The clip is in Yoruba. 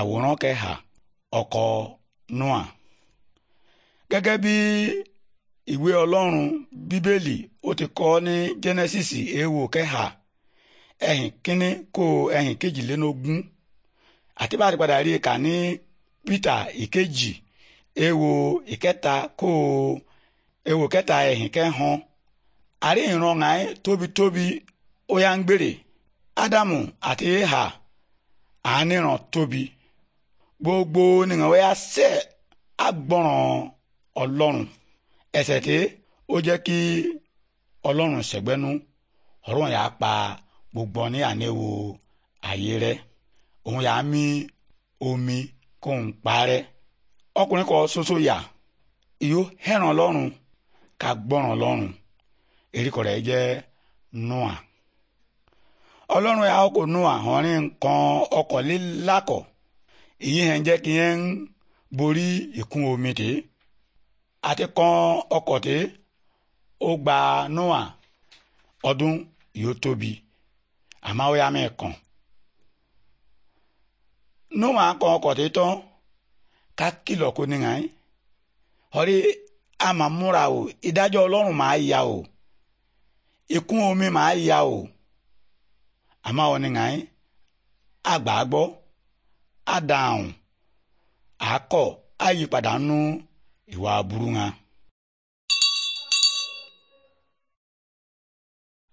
àwòrán kẹhà ọkọ noah gẹ́gẹ́ bí ìwé ọlọ́run bíbélì ó ti kọ ní genesis èèwò kẹhà ẹ̀yìn kínní kó ẹ̀yìn kejìlélógún àti bá ti padà rí i ní peter ìkejì èèwò ìkẹta kó èèwò kẹta ẹ̀yìn kẹhàn àrí ìran àyín tóbitóbi ó yá ń gbèrè ádámù àti éhà àániràn tóbi. gbogbo nìkan wẹ́ àṣẹ àgbọ̀ràn ọlọ́run ẹ̀ṣẹ̀ tí ó jẹ́ kí ọlọ́run ṣẹ̀gbẹ́nu ọ̀rọ̀ yà á pa gbogbo ní àníwò ayé rẹ òun yà á mí omi kó ń parẹ́ ọkùnrin kan ṣoṣo yà ìyó hẹ́ràn lọ́rùn ká gbọ́ràn lọ́rùn erékọ̀ rẹ̀ jẹ́ noah ọlọ́run yà á kò noah ọ̀rìn kan ọkọ̀ lílákọ̀ọ́ ìyẹn ń jẹ́ kí ń borí ìkún omi tè àti kan ọkọ̀ tè ó gba ọdún yóò tóbi àmọ́ mẹ́ẹ̀kan kan ọkọ̀ tè tán ká kìlọ̀ kó nìyàn yín ọ̀rẹ́ a máa múra o ìdájọ́ ọlọ́run máa ya o ìkún omi máa ya o yín àgbà àdàhùn àkọ́ àyípadà nú ìwà aburú wọn.